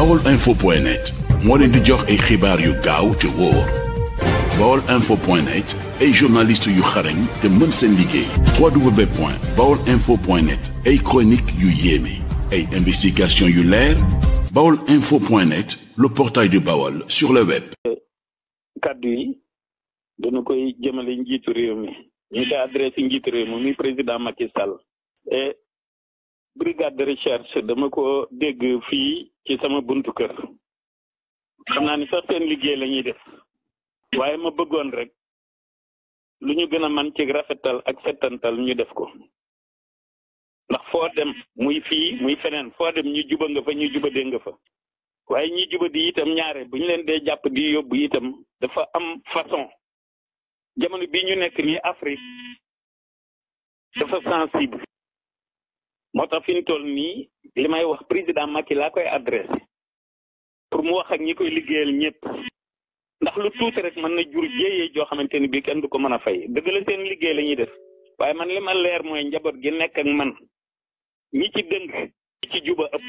bawol info point net moo leen di jox ay xibaar yu gaaw te wóor bawol info net ay journaliste yu xarañ te mën seen liggéey www.baolinfo.net ay chronique yu yéeme ay investigation yu leer baolinfo.net le portail du Baol sur le web kaddu yi dana koy jëmale njiitu réew mi ñu koy adressé njiitu réew mi muy président Macky Sall brigade de recherche dama ko dégg fii ci sama buntu kër xam naa ni sax seen liggéey lañuy ñuy def waaye ma bëggoon rek lu ñu gën a man ci rafetal ak settantal ñu def ko ndax foo dem muy fii muy feneen foo dem ñu juba nga fa ñu jubadee nga fa waaye ñi juba di itam ñaare bu ñu leen dee jàpp di yóbbu itam dafa am façon jamono bi ñu nekk nii Afrique dafa sensible moo tax fi ñu toll nii li may wax président Macky laa koy adressé pour mu wax ak ñi koy liggéeyal ñëpp ndax lu tuuti rek mën na jur jéeyee joo xamante ni bii kenn du ko mën a fay dëgg la seen liggéey la ñuy def waaye man li ma leer mooy njaboot gi nekk ak man ñi ci dëng ñi ci juba ëpp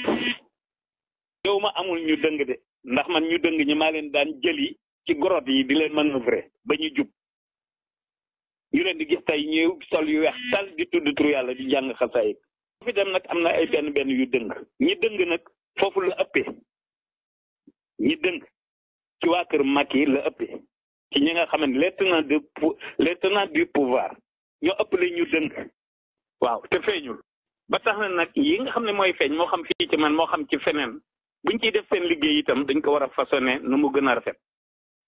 yow ma amul ñu dëng de ndax man ñu dëng ñi ma leen daan jëli ci gorot yi di leen manœuvrer ba ñu jub ñu leen di gis tey ñëw sol yu weex tal di tudd tur yàlla di jàng xasaayit fi dem nag am na ay benn benn yu dëng ñi dëng nag foofu la ëppee ñi dëng ci waa kër Macky la ëppee ci ñi nga xam ne les tenants de les tenants du pouvoir ñoo ëppale ñu dëng waaw te feeñul ba tax na nag yi nga xam ne mooy feeñ moo xam fii ci man moo xam ci feneen buñ ciy def seen liggéey itam dañ ko war a façonné nu mu gën a rafet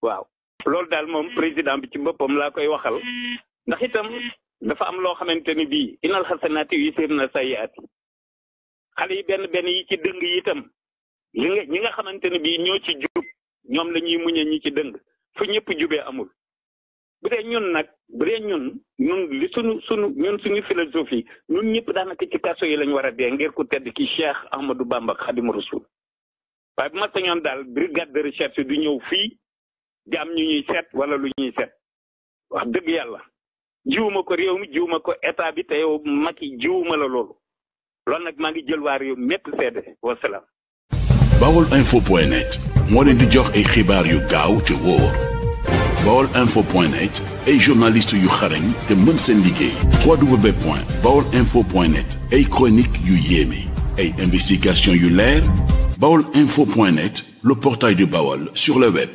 waaw loolu daal moom président bi ci boppam laa koy waxal ndax itam dafa am loo xamante ni bii inal xasanaati yusirna sayiaati xale yi benn benn yi ci dëng yi itam li nga ñi nga xamante ne bii ñoo ci jub ñoom la ñuy muñe ñi ci dëng fu ñëpp jubee amul bu dee ñun nag bu dee ñun li suñu suñu ñun suñu philosophie ñun ñëpp daanaka ci kaso yi lañu war a dee ngir ku tedd ki Cheikh Ahmadou Bamba Xadim Rasul waaye bu ma sañoon daal brigade de recherche du ñëw fii di am ñu ñuy seet wala lu ñuy seet wax dëgg yàlla jiwuma ko réew mi jiwuma ko état bi te yow Macky jiwuma la loolu loolu nag maa ngi jël waa réew mépp seede wasalaam. Baol info net moo leen di jox ay xibaar yu gaaw te wóor Baol info net ay journaliste yu xarañ te mën seen liggéey www.baolinfo.net ay chronique yu yéeme ay investigation yu leer Baol info point net le portail du sur le web.